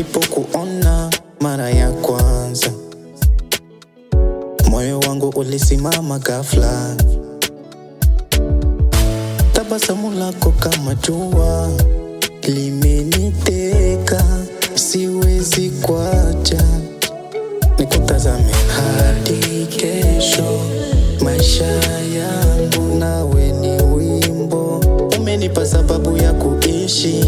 Nilipokuona mara ya kwanza, moyo wangu ulisimama ghafla. Tabasamu lako kama jua limeniteka, siwezi kuacha nikutazame hadi kesho. Maisha yangu nawe ni wimbo, umenipa sababu ya kuishi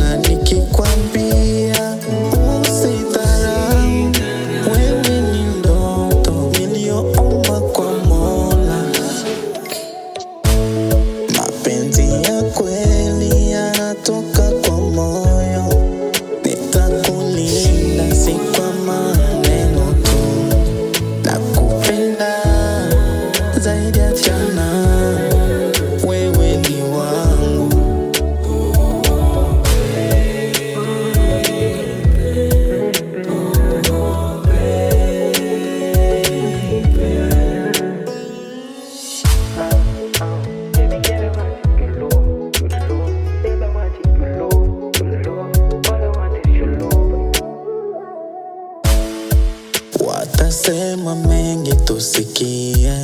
Watasema mengi tusikie,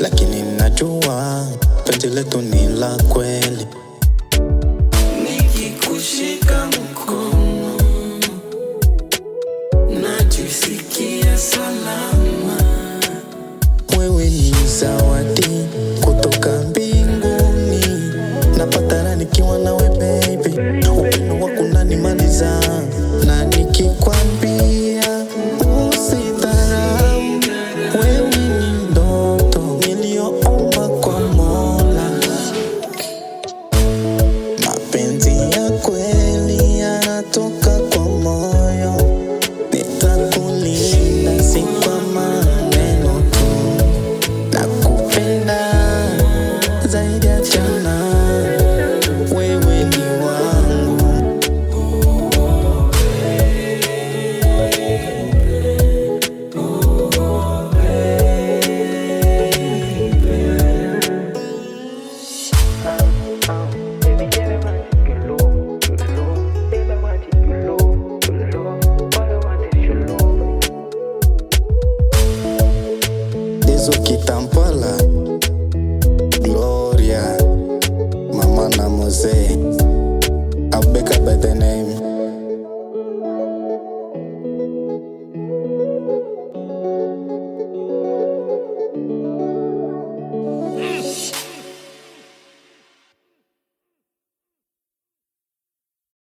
lakini najua penzi letu ni la kweli. Nikikushika mkono najisikia salama, wewe ni sawa mbinguni, napatana nikiwa nawe baby, upendo wako na nikikwambia usidharau, ndoto kwa Mola, mapenzi ya kweli soki tampala gloria mama na mose abeka by the name